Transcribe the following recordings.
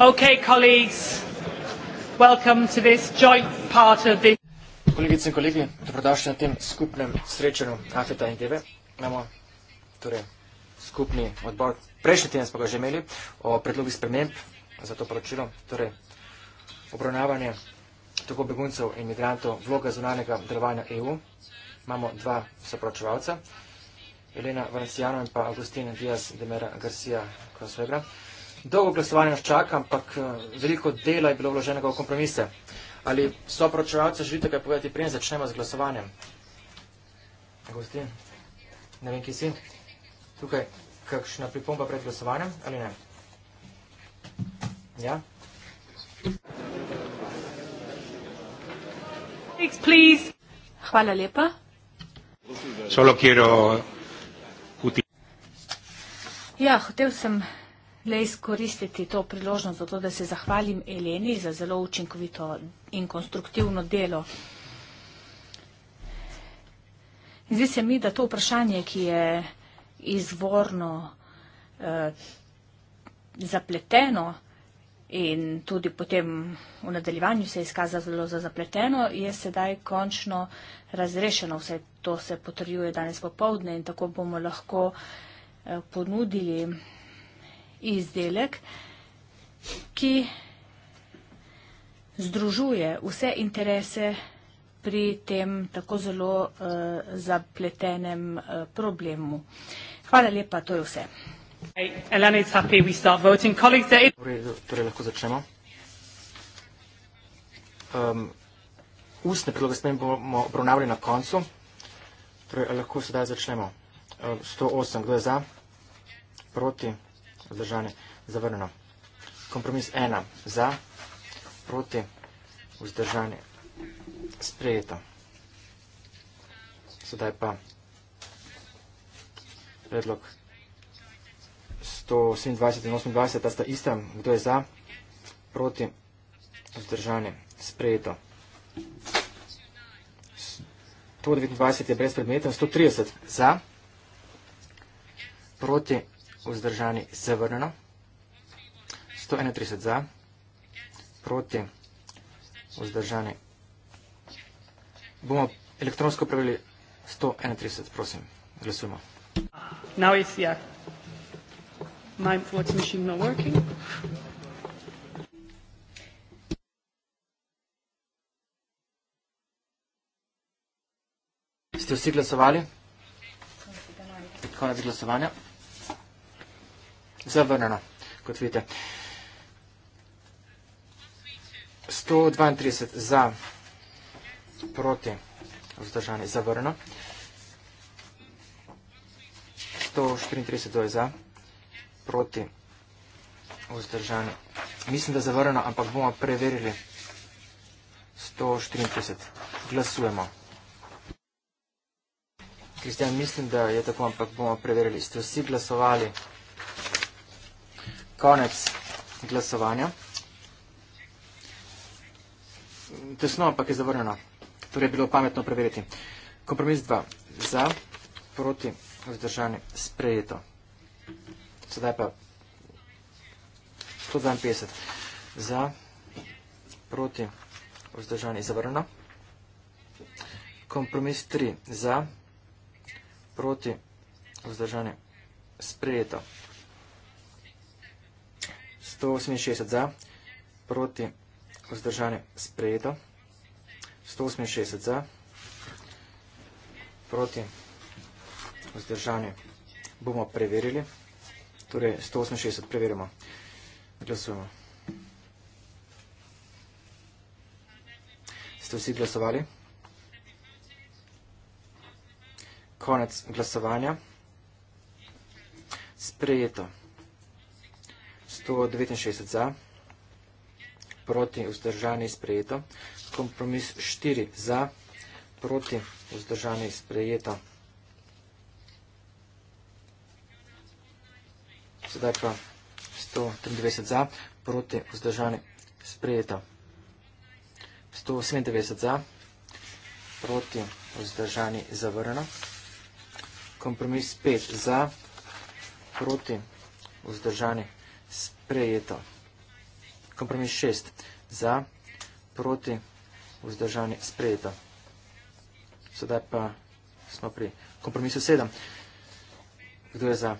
Okay, colleagues, welcome to this joint part of the. Kolegice in kolegi, dobrodošli na tem skupnem srečanju AFETA in TV. Imamo torej skupni odbor, prejšnji teden smo ga že imeli, o predlogi sprememb za to poročilo, torej obravnavanje tako beguncev in migrantov vloga zunanega delovanja EU. Imamo dva sopročevalca, Elena Valencijano in pa Agustin Diaz de Mera Garcia Kosvegra. Dolgo glasovanje nas čaka, ampak eh, veliko dela je bilo vloženega v kompromise. Ali so pročevalce želite kaj povedati, preden začnemo z glasovanjem? Gostin, ne vem, ki si. Tukaj kakšna pripomba pred glasovanjem ali ne? Ja? Hvala lepa. Solo quiero... Ja, hotel sem le izkoristiti to priložnost za to, da se zahvalim Eleni za zelo učinkovito in konstruktivno delo. Zdi se mi, da to vprašanje, ki je izvorno eh, zapleteno in tudi potem v nadaljevanju se je izkazalo zelo za zapleteno, je sedaj končno razrešeno. Vse to se potrjuje danes popovdne in tako bomo lahko eh, ponudili eh, izdelek, ki združuje vse interese pri tem tako zelo uh, zapletenem uh, problemu. Hvala lepa, to je vse. Torej, torej, lahko začnemo. Um, ustne predloge s tem bomo obravnavali na koncu. Torej, lahko sedaj začnemo. Uh, 108, kdo je za? Proti? vzdržane, zavrneno. Kompromis ena, za, proti, vzdržane, sprejeto. Sedaj pa predlog 127 in 28, ta sta ista, kdo je za, proti, vzdržane, sprejeto. 129 je brez predmetov, 130 za, proti, vzdržane, sprejeto vzdržani zavrnjeno. 131 za, proti vzdržani. Bomo elektronsko pravili 131, prosim, glasujmo. Now it's, yeah, my watch machine not working. Ste vsi glasovali? Konec glasovanja zavrnjeno, kot vidite. 132 za proti vzdržanje zavrnjeno. 134 do je za proti vzdržanje. Mislim, da zavrnjeno, ampak bomo preverili. 134. Glasujemo. Kristjan, mislim, da je tako, ampak bomo preverili. Ste vsi glasovali? konec glasovanja. Tesno, ampak je zavrnjeno. Torej je bilo pametno preveriti. Kompromis 2. Za, proti, vzdržani, sprejeto. Sedaj pa 152. Za, proti, vzdržani, zavrnjeno. Kompromis 3. Za, proti, vzdržani, sprejeto. 168 za, proti vzdržanje sprejeto, 168 za, proti vzdržanje bomo preverili, torej 168 preverimo, glasujemo. Ste vsi glasovali? Konec glasovanja. Sprejeto. 169 za, proti vzdržani sprejeto, kompromis 4 za, proti vzdržani sprejeto. Sedaj pa 123 za, proti vzdržani sprejeto. 197 za, proti vzdržani zavrjeno. Kompromis 5 za, proti vzdržani sprejeto prejeta. Kompromis šest. Za, proti, vzdržani, sprejeta. Sedaj pa smo pri kompromisu sedem. Kdo je za,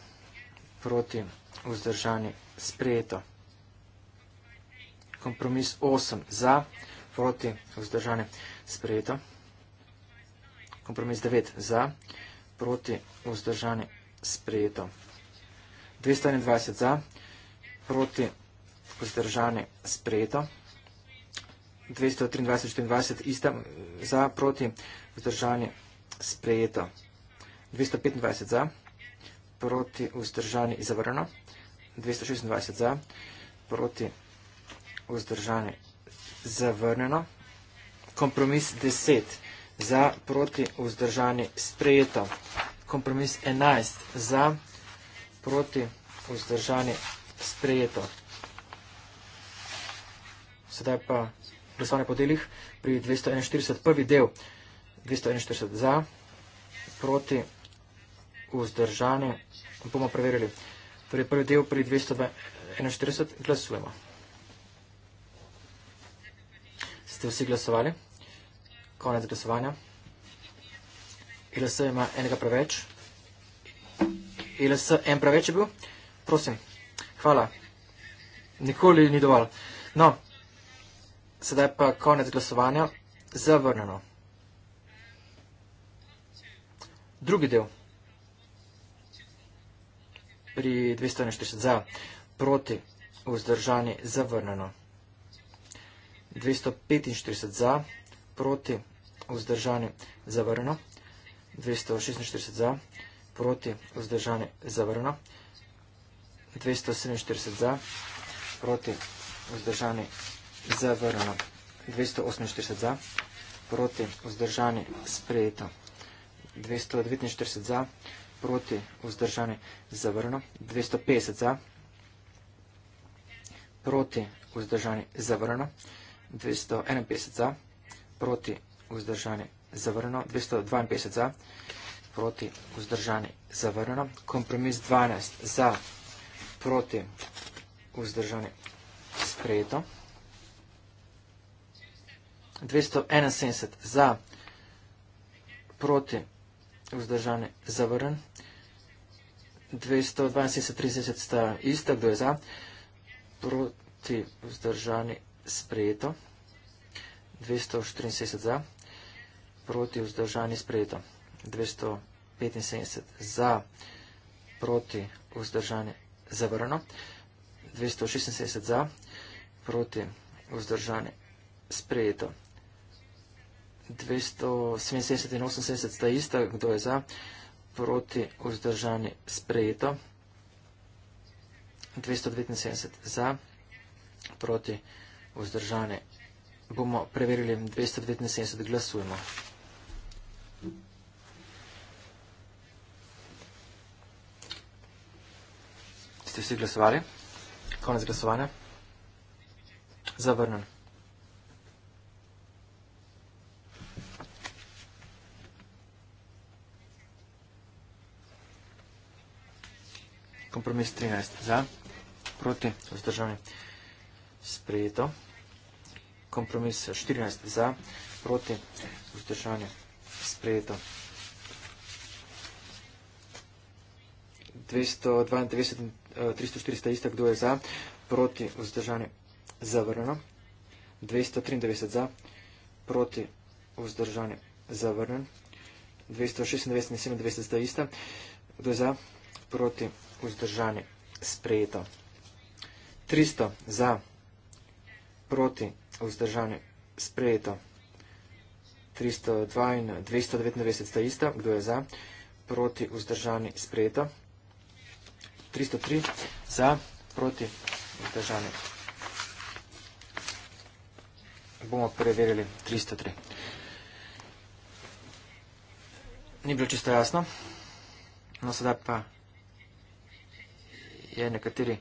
proti, vzdržani, sprejeta. Kompromis osem. Za, proti, vzdržani, sprejeta. Kompromis devet. Za, proti, vzdržani, sprejeta. 221 za, proti vzdržane sprejeto. 223-24 ista za proti vzdržane sprejeto. 225 za proti vzdržane izavrano. 226 za proti vzdržane zavrneno. Kompromis 10 za proti vzdržane sprejeto. Kompromis 11 za proti vzdržane izavrano sprejeto. Sedaj pa glasovanje po delih pri 241. Prvi del 241 za, proti, vzdržani. Bomo preverili. Torej prvi del pri 241 glasujemo. Ste vsi glasovali? Konec glasovanja. ILS ima enega preveč. ILS en preveč je bil? Prosim. Hvala. Nikoli ni dovolj. No, sedaj pa konec glasovanja. Zavrnjeno. Drugi del. Pri 240 za. Proti. Vzdržani. Zavrnjeno. 245 za. Proti. Vzdržani. Zavrnjeno. 246 za. Proti. Vzdržani. Zavrnjeno. 247 za, proti vzdržani zavrano 248 za, proti vzdržani sprejeto 249 za, proti vzdržani zavrano 250 za, proti vzdržani zavrano 251 za, proti vzdržani zavrano 252 za, proti vzdržani zavrano kompromis 12 za, proti vzdržani zavrano proti vzdržanje. Sprejeto. 271 za, proti vzdržanje, zavrn. 272-30 sta ista, kdo je za, proti vzdržanje, sprejeto. 264 za, proti vzdržanje, sprejeto. 275 za, proti vzdržanje, sprejeto zavrano, 276 za, proti vzdržani, sprejeto. 277 in 80 sta ista, kdo je za, proti vzdržani, sprejeto. 279 za, proti vzdržani, bomo preverili 279, glasujemo. Ste vsi glasovali? Konec glasovanja. Zavrnen. Kompromis 13. Za. Proti. Vzdržavni. Sprejeto. Kompromis 14. Za. Proti. Vzdržavni. Sprejeto. Sprejeto. 292 in 340 eh, ista, kdo je za, proti vzdržani zavrnjeno, 293 za, proti vzdržani zavrnjen, 296 in 97 sta ista, kdo je za, proti vzdržani sprejeto, 300 za, proti vzdržani sprejeto, 302 in 299 sta ista, kdo je za, proti vzdržani sprejeto, 303 za, proti in držanje. Bomo preverili 303. Ni bilo čisto jasno. No, sedaj pa je nekateri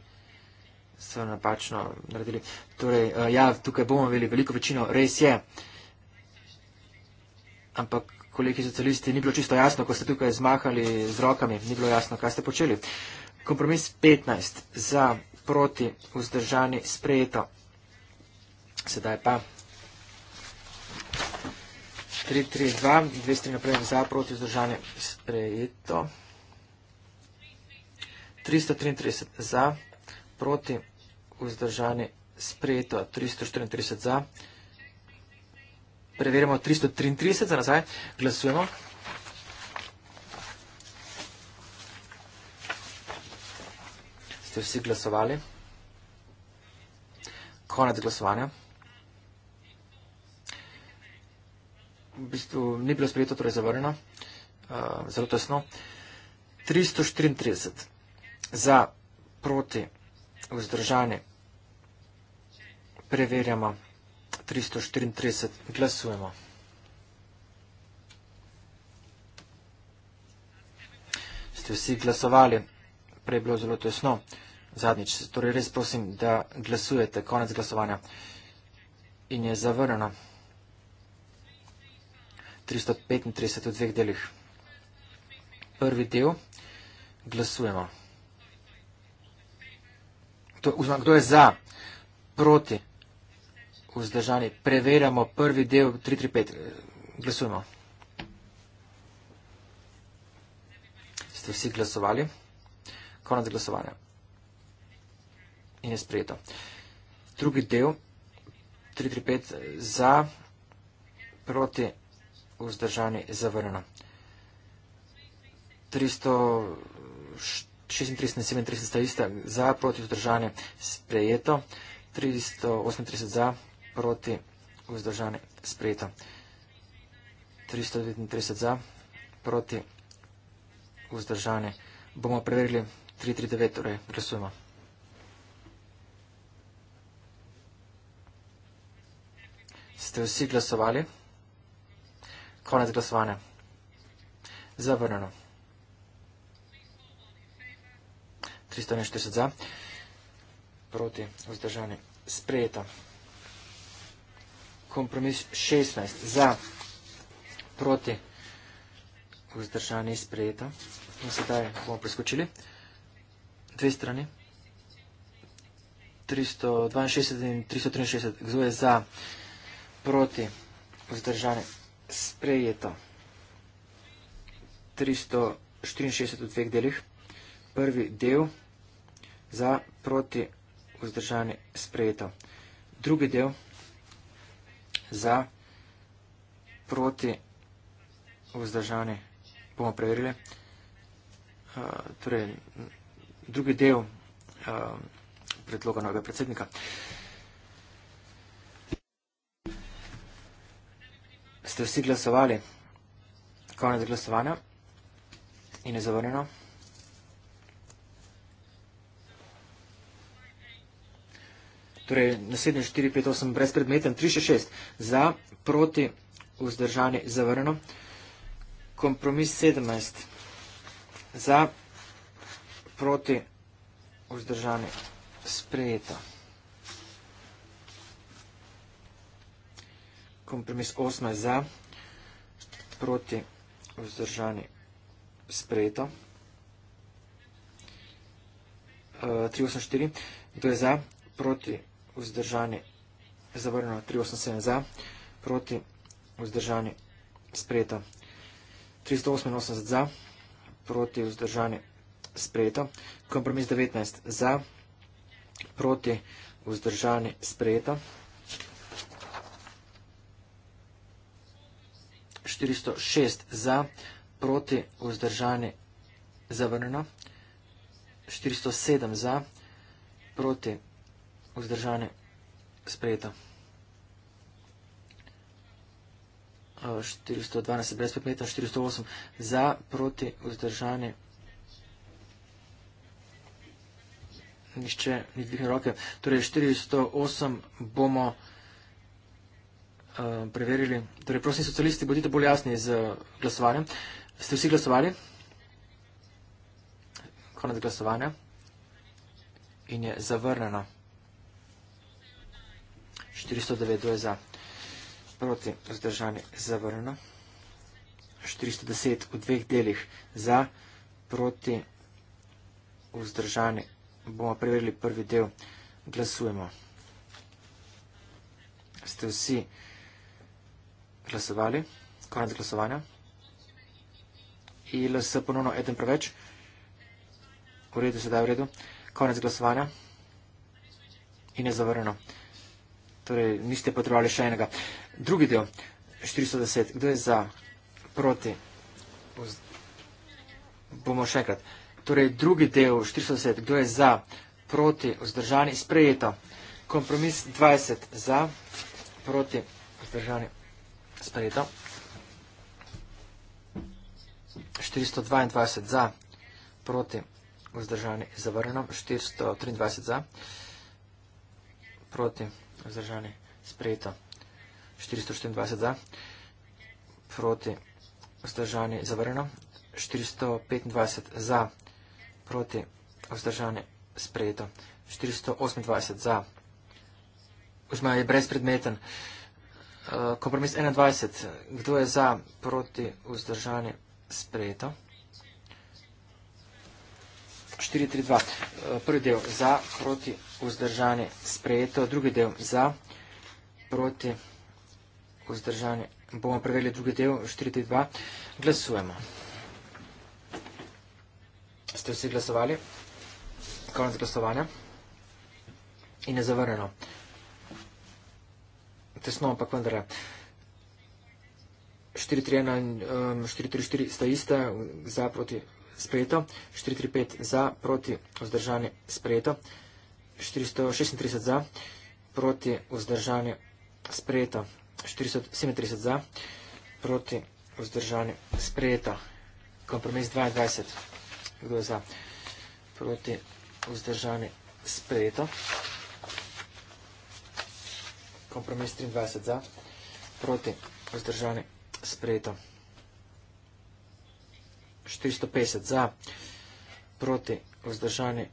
so napačno naredili. Torej, eh, ja, tukaj bomo imeli veliko večino, res je. Ampak, kolegi socialisti, ni bilo čisto jasno, ko ste tukaj zmahali z rokami, ni bilo jasno, kaj ste počeli. Kompromis 15 za proti vzdržani sprejeto. Sedaj pa 3-3-2, dve strani naprej za proti vzdržani sprejeto. 333 za proti vzdržani sprejeto. 334 za. Preverjamo 333 za nazaj. Glasujemo. Ste vsi glasovali? Konec glasovanja. V bistvu ni bilo sprejeto, torej zavrnjeno. Uh, zelo tesno. 334 za, proti, vzdržani. Preverjamo. 334 glasujemo. Ste vsi glasovali? prej je bilo zelo tesno. Zadnjič, torej res prosim, da glasujete, konec glasovanja. In je zavrnjeno. 335 v dveh delih. Prvi del, glasujemo. To, vzma, kdo je za, proti, vzdržani, preverjamo prvi del, 335, glasujemo. Ste vsi glasovali? konec glasovanja. In je sprejeto. Drugi del, 335 za, proti, vzdržani, zavrnjeno. 336 in 337 za, proti, vzdržani, sprejeto. 338 za, proti, vzdržani, sprejeto. 339 za, proti, vzdržani. Bomo preverili 339, torej glasujemo. Ste vsi glasovali? Konec glasovanja. Zavrneno. 340 za. Proti vzdržanje. Sprejeto. Kompromis 16 za. Proti vzdržanje. Sprejeto. In sedaj bomo preskočili. Sprejeto dve strani, 362 in 363, kdo je za, proti, vzdržane, sprejeto, 364 v dveh delih, prvi del, za, proti, vzdržane, sprejeto, drugi del, za, proti, vzdržane, bomo preverili, uh, torej, drugi del uh, predloga novega predsednika. Ste vsi glasovali? Konec glasovanja in je zavrnjeno. Torej, naslednje 4, 5, 8, brez predmeten, 3, 6, 6, za, proti, vzdržani, zavrnjeno. Kompromis 17, za, proti vzdržani sprejeta. Kompromis 8 je za, proti vzdržani sprejeta. 384, to je za, proti vzdržani zavrnjeno 387 za, proti vzdržani sprejeta. 388 za, proti vzdržani sprejeta sprejeto, kompromis 19 za, proti vzdržani sprejeto, 406 za, proti vzdržani zavrnjeno, 407 za, proti vzdržani sprejeto. 412 brez predmeta, 408 za, proti vzdržanje nišče ni dvignil roke. Torej, 408 bomo uh, preverili. Torej, prosim, socialisti, bodite bolj jasni z glasovanjem. Ste vsi glasovali? Konec glasovanja. In je zavrnjeno. 409 je za. Proti vzdržanje zavrnjeno. 410 v dveh delih za. Proti vzdržanje bomo preverili prvi del, glasujemo. Ste vsi glasovali, konec glasovanja. ILS ponovno eden preveč. V redu, sedaj v redu. Konec glasovanja. In je zavrljeno. Torej, niste potrebovali še enega. Drugi del, 410. Kdo je za, proti? Bomo še enkrat. 410. Torej, drugi del 40, kdo je za, proti, vzdržani, sprejeto. Kompromis 20 za, proti, vzdržani, sprejeto. 422 za, proti, vzdržani, zavrnjeno. 423 za, proti, vzdržani, sprejeto. 424 za, proti, vzdržani, zavrnjeno. 425 za, proti, vzdržane, sprejeto. 428 za, oziroma je brezpredmeten. Eh, kompromis 21, kdo je za, proti, vzdržane, sprejeto. 432, eh, prvi del za, proti, vzdržane, sprejeto, drugi del za, proti, vzdržane, bomo preverili drugi del, 432, glasujemo. Ste vsi glasovali? Konec glasovanja. In je zavrnjeno. Tesno, ampak vendar je. 4-3-4 sta iste, za proti sprejeto. 4-3-5 za proti vzdržanje sprejeto. 436 za proti vzdržanje sprejeto. 437 za proti vzdržanje sprejeto. Kompromis 22 kdo je za proti vzdržani sprejeto. Kompromis 23 za proti vzdržani sprejeto. 450 za proti vzdržani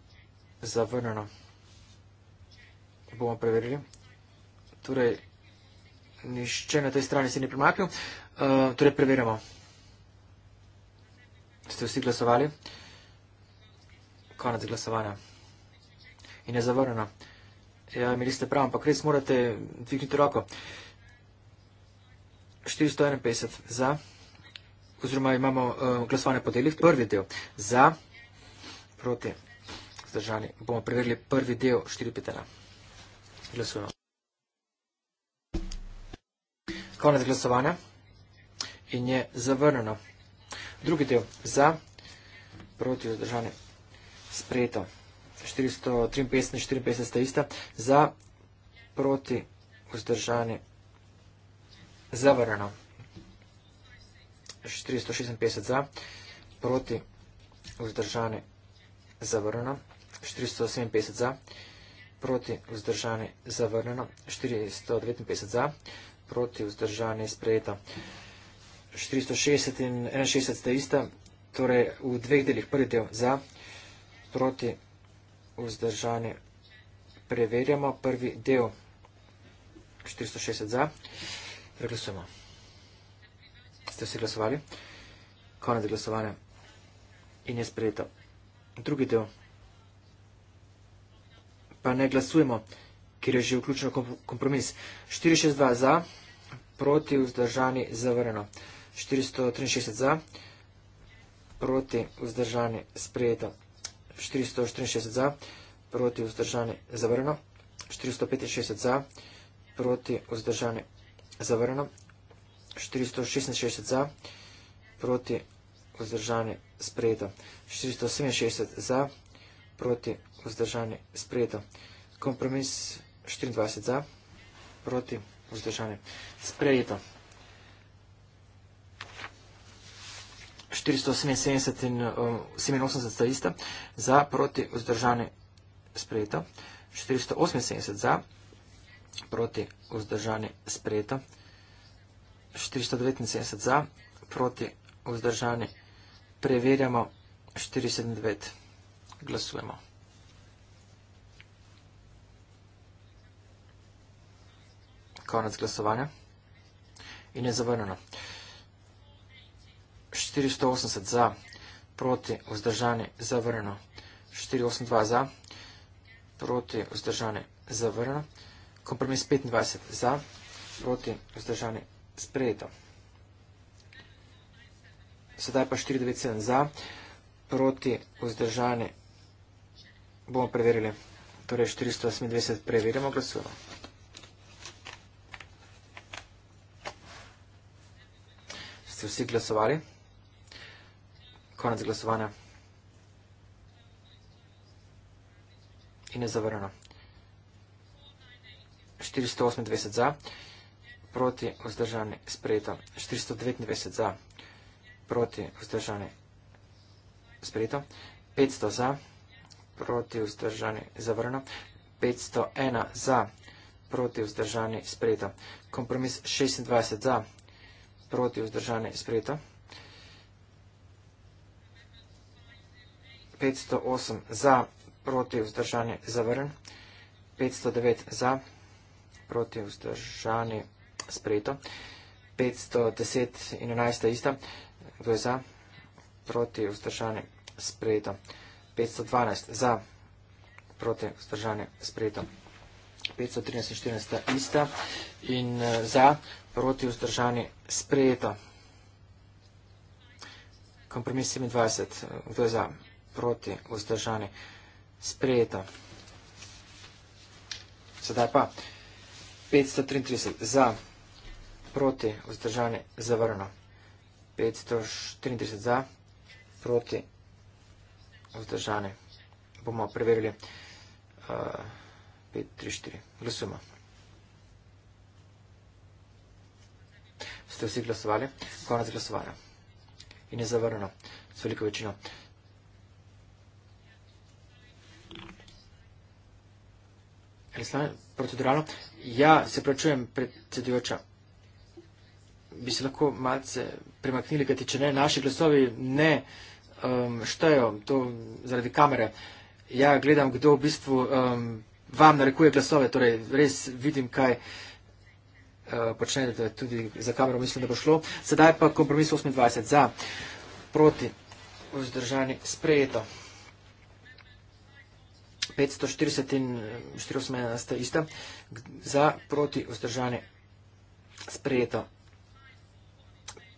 zavrneno. Bomo preverili. Torej, nišče na tej strani se ni primapil. Uh, eh, torej, preverjamo. Ste vsi glasovali? konec glasovanja. In je zavrnjeno. Ja, imeli ste prav, ampak res morate dvigniti roko. 451 za, oziroma imamo uh, glasovanje po delih. Prvi del za, proti, zdržani. Bomo preverili prvi del 451. Glasujemo. Konec glasovanja in je zavrnjeno. Drugi del za, proti, zdržani sprejeto. 453 in 54 sta ista. Za, proti, vzdržani, zavrano. 456 za, proti, vzdržani, zavrano. 457 za, proti, vzdržani, zavrano. 459 za, proti, vzdržani, sprejeto. 460 in 61 sta ista. Torej, v dveh delih prvi del za, proti vzdržanje. Preverjamo prvi del. 460 za. Preglasujemo. Ste vsi glasovali? Konec glasovanja. In je sprejeto. Drugi del. Pa ne glasujemo, ker je že vključeno kompromis. 462 za. Proti vzdržani zavrjeno. 463 za. Proti vzdržani sprejeto. 464 za, proti vzdržani zavrno, 465 za, proti vzdržani zavrno, 466 za, proti vzdržani sprejeto, 467 za, proti vzdržani sprejeto, kompromis 24 za, proti vzdržani sprejeto. 478 in 87 eh, za ista, za proti vzdržane sprejeto, 478 za, proti vzdržane sprejeto, 479 za, proti vzdržane preverjamo, 479 glasujemo. Konec glasovanja in je zavrnjeno. 480 za, proti vzdržani zavrljeno, 482 za, proti vzdržani zavrljeno, kompromis 25 za, proti vzdržani sprejeto. Sedaj pa 497 za, proti vzdržani bomo preverili, torej 428 preverimo glasujemo. Ste vsi glasovali? konec glasovanja. In je zavrano. 428 za, proti vzdržani sprejeto. 429 za, proti vzdržani sprejeto. 500 za, proti vzdržani zavrano. 501 za, proti vzdržani sprejeto. Kompromis 26 za, proti vzdržani sprejeto. 508 za, proti vzdržanje zavrn, 509 za, proti vzdržanje sprejeto, 510 in 11 ista, kdo je za, proti vzdržanje sprejeto, 512 za, proti vzdržanje sprejeto, 513 in 14 ista in eh, za, proti vzdržanje sprejeto. Kompromis 27, kdo je za, proti vzdržani sprejeta. Sedaj pa 533 za proti vzdržani zavrno. 533 za proti vzdržani. Bomo preverili uh, eh, 534. Glasujemo. Ste vsi glasovali? Konec glasovanja. In je zavrno. S veliko večino. proceduralno. Ja, se prečujem, predsedujoča. Bi se lahko malce premaknili, kajti če ne, naši glasovi ne um, štejo, to zaradi kamere. Ja, gledam, kdo v bistvu um, vam narekuje glasove, torej res vidim, kaj uh, počnete, da tudi za kamero mislim, da bo šlo. Sedaj pa kompromis 28 za, proti, vzdržani, sprejeto. 540 in 418 ista za proti vzdržanje sprejeto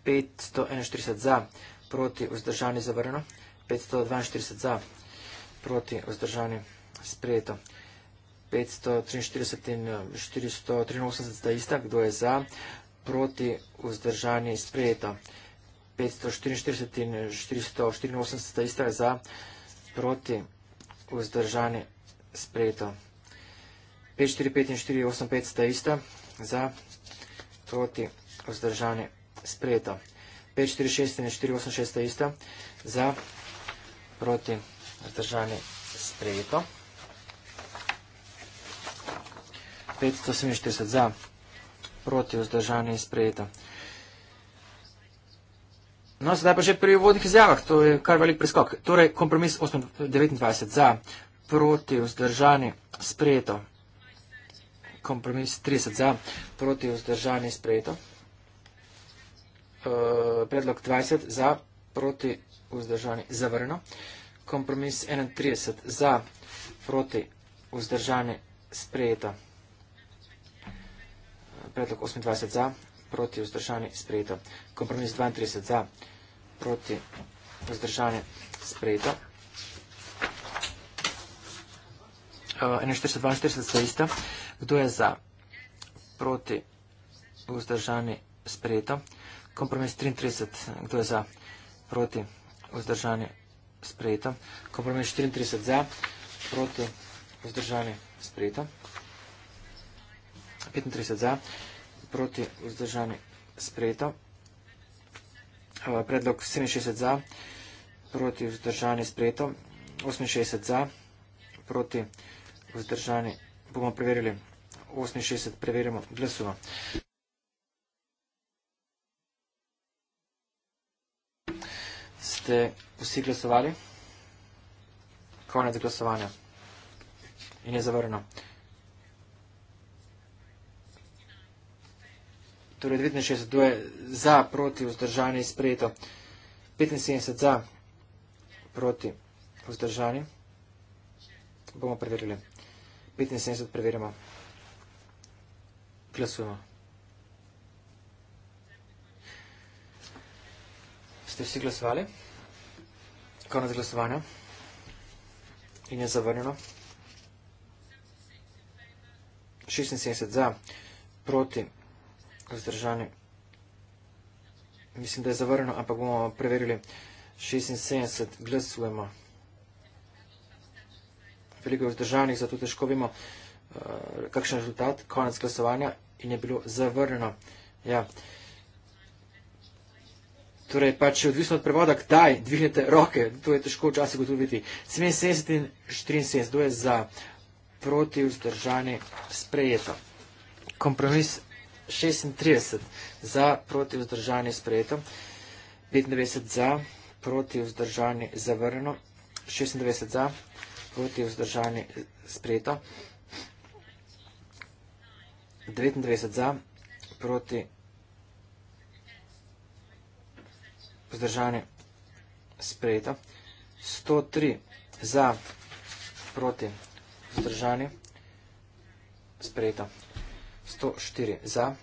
541 za proti vzdržanje zavrno 542 za proti vzdržanje sprejeto 543 in 483 eh, za ista kdo je za proti vzdržanje sprejeto 544 in 484 za proti vzdržanje sprejeto vzdržani sprejeto. 5, 4, 5 in 4, 8, 5 sta ista za proti vzdržani sprejeto. 5, 4, 6 in 4, 8, 6 sta ista za proti vzdržani sprejeto. 548 za proti vzdržani sprejeto. No, zdaj pa že pri vodnih izjavah, to je kar velik preskok. Torej, kompromis 29 za, proti vzdržani sprejeto. Kompromis 30 za, proti vzdržani sprejeto. E, predlog 20 za, proti vzdržani zavrno. Kompromis 31 za, proti vzdržani sprejeto. E, predlog 28 za, proti vzdržanje sprejeto. Kompromis 32 za proti vzdržanje sprejeto. 41-42 za isto. Kdo je za proti vzdržanje sprejeto? Kompromis 33. Kdo je za proti vzdržanje sprejeto? Kompromis 34 za proti vzdržanje sprejeto. 35 za sprejeto proti vzdržani sprejeto. Eh, predlog 67 za, proti vzdržani sprejeto. 68 za, proti vzdržani, bomo preverili, 68 preverimo glasova. Ste vsi glasovali? Konec glasovanja. In je zavrno. torej 69 je za, proti vzdržani, sprejeto 75 za, proti vzdržani. Bomo preverili. 75 preverimo. Glasujemo. Ste vsi glasovali? Konec glasovanja. In je zavrnjeno. 76 za, proti vzdržani vzdržani. Mislim, da je zavrno, ampak bomo preverili 76 glasujemo. Veliko je vzdržanih, zato težko vemo, eh, kakšen je rezultat, konec glasovanja in je bilo zavrno. Ja. Torej, pa če odvisno od prevoda, kdaj dvignete roke, to je težko včasih gotoviti. 77 in 74, to je za proti vzdržani sprejeto. Kompromis 36 za proti vzdržanje sprejeto, 95 za proti vzdržanje zavrnjeno, 96 za proti vzdržanje sprejeto, 99 za proti vzdržanje sprejeto, 103 za proti vzdržanje sprejeto. 104 za,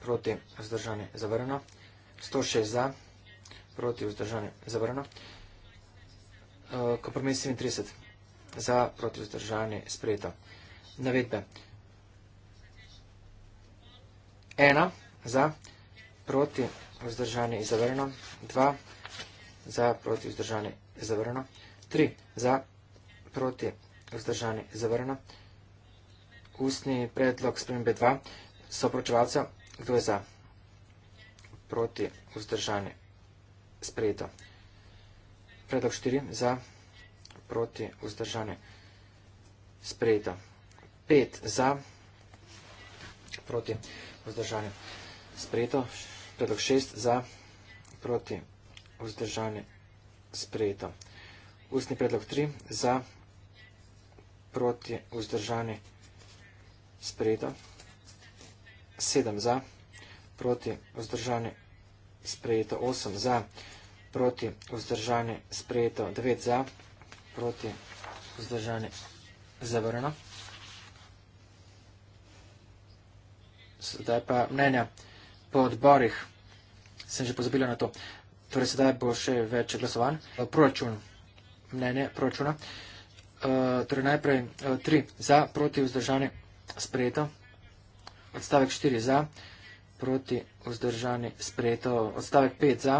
proti vzdržanje zavrano, 106 za, proti vzdržanje zavrano, e, kompromis 37 za, proti vzdržanje sprejeto. Navedbe. 1 za, proti vzdržanje zavrano, 2 za, proti vzdržanje zavrano, 3 za, proti vzdržanje zavrano, 4 za, proti vzdržanje zavrano, ustni predlog spremembe 2, so pročevalca, kdo je za proti vzdržanje sprejeto. Predlog 4, za proti vzdržanje sprejeto. 5, za proti vzdržanje sprejeto. Predlog 6, za proti vzdržanje sprejeto. Ustni predlog 3, za proti vzdržanje sprejeto sprejeta, sedem za, proti vzdržanje sprejeto, osem za, proti vzdržanje sprejeto, devet za, proti vzdržanje zavrno. Sedaj pa mnenja po odborih, sem že pozabila na to, torej sedaj bo še več glasovanj, eh, proračun, mnenje proračuna, eh, torej najprej eh, tri za, proti vzdržanje zavrno sprejeto, odstavek 4 za, proti vzdržani sprejeto, odstavek 5 za,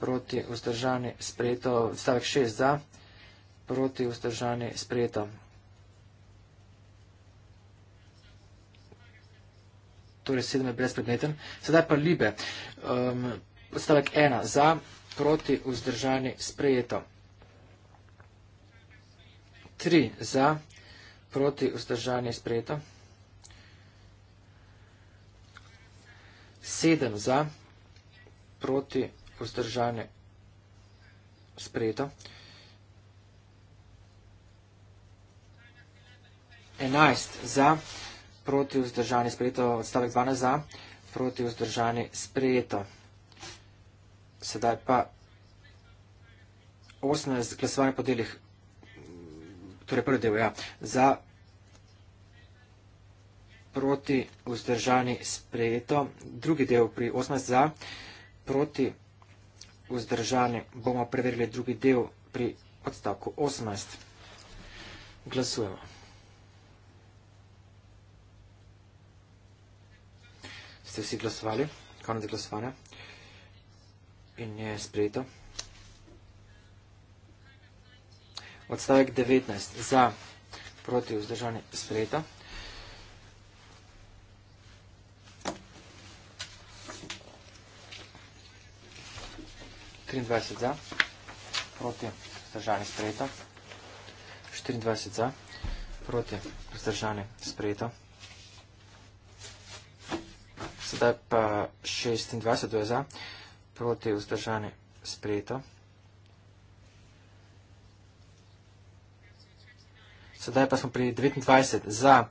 proti vzdržani sprejeto, odstavek 6 za, proti vzdržani sprejeto. Torej, sedem je brezpredmeten. Sedaj pa libe. Um, odstavek ena. Za, proti, vzdržani, sprejeto. Tri. Za, proti vzdržanje sprejeto. Sedem za proti vzdržanje sprejeto. Enajst za proti vzdržanje sprejeto. Odstavek 12 za proti vzdržanje sprejeto. Sedaj pa 18 glasovanje po delih, torej prvi del, ja, za proti vzdržani sprejeto, drugi del pri 18 za, proti vzdržani bomo preverili drugi del pri odstavku 18. Glasujemo. Ste vsi glasovali? Konec glasovanja. In je sprejeto. Odstavek 19 za proti vzdržani sprejeto. 24 za, proti, vzdržani sprejeto. 24 za, proti, vzdržani sprejeto. Sedaj pa 26 je za, proti, vzdržani sprejeto. Sedaj pa smo pri 29 za,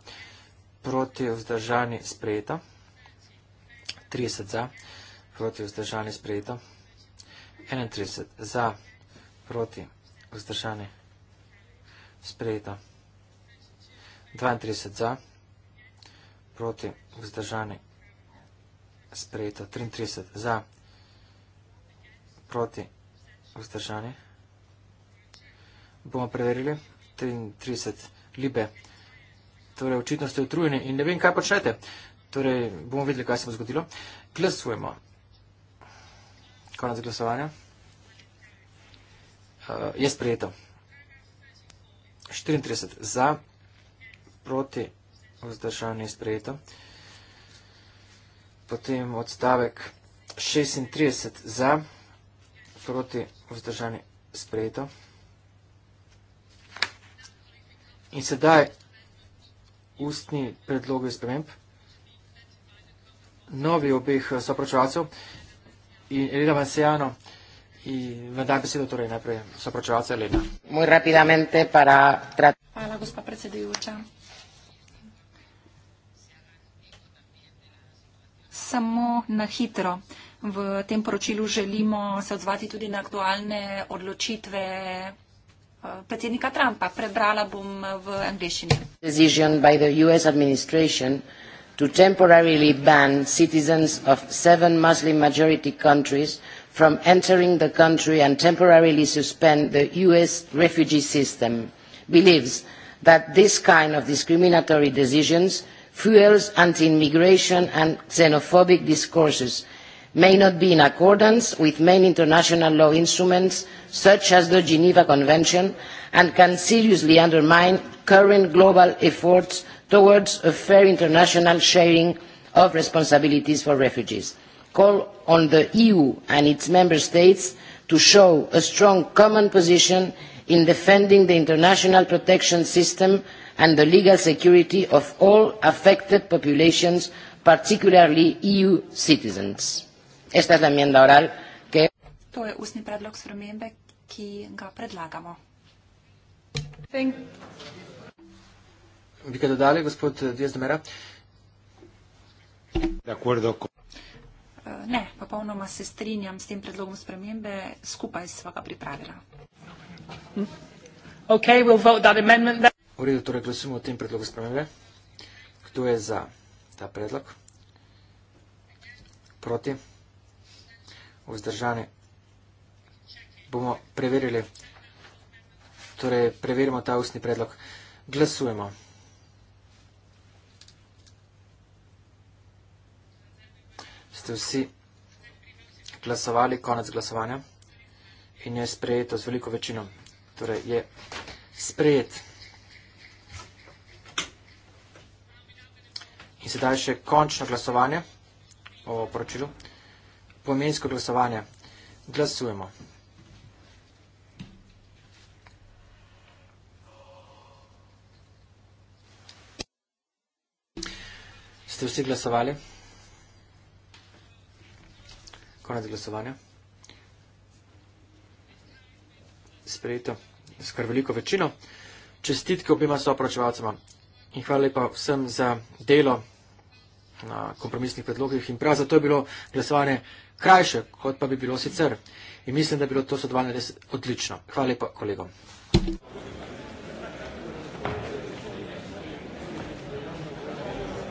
proti, vzdržani sprejeto. 30 za, proti, vzdržani sprejeto. 31 za, proti, vzdržani, sprejeto. 32 za, proti, vzdržani, sprejeto. 33 za, proti, vzdržani. Bomo preverili. 33 libe. Torej, očitno ste utrujeni in ne vem, kaj počnete. Torej, bomo videli, kaj se bo zgodilo. Glasujemo. Konec glasovanja. Uh, je sprejeto. 34 za, proti vzdržanju je sprejeto. Potem odstavek 36 za, proti vzdržanju sprejeto. In sedaj ustni predlogi sprememb. Novi obeh eh, sopračevalcev in Elena Manciano. Y vendrá presidente Torre, ¿no? se aprovechará a Elena. Muy rápidamente para tratar. Hola, gusta presidente. Samo na hitro. V tem poročilu želimo se odzvati tudi na aktualne odločitve eh, predsednika Trumpa. Prebrala bom v angleščini. Decision by the US administration to temporarily ban citizens of seven Muslim majority countries from entering the country and temporarily suspend the US refugee system believes that this kind of discriminatory decisions fuels anti-immigration and xenophobic discourses may not be in accordance with main international law instruments such as the Geneva Convention, and can seriously undermine current global efforts towards a fair international sharing of responsibilities for refugees. Call on the EU and its member states to show a strong common position in defending the international protection system and the legal security of all affected populations, particularly EU citizens. Esta es la enmienda oral. To je ustni predlog spremembe, ki ga predlagamo. Thank. Bi ga dodali, gospod Dvezdomera? Eh, ne, popolnoma se strinjam s tem predlogom spremembe, skupaj sva ga pripravila. Hmm? Okay, we'll v redu, torej glasujemo o tem predlogu spremembe. Kdo je za ta predlog? Proti? Vzdržane? bomo preverili. Torej, preverimo ta ustni predlog. Glasujemo. Ste vsi glasovali, konec glasovanja in je sprejeto z veliko večino. Torej, je sprejet. In sedaj še končno glasovanje o poročilu. Pomensko glasovanje. Glasujemo. Ste vsi glasovali? Konec glasovanja. Sprejeto s kar veliko večino. Čestitke obima soopračevalcema in hvala lepa vsem za delo na kompromisnih predlogih in prav zato je bilo glasovanje krajše, kot pa bi bilo sicer. In mislim, da je bilo to sodelovanje res odlično. Hvala lepa kolegom.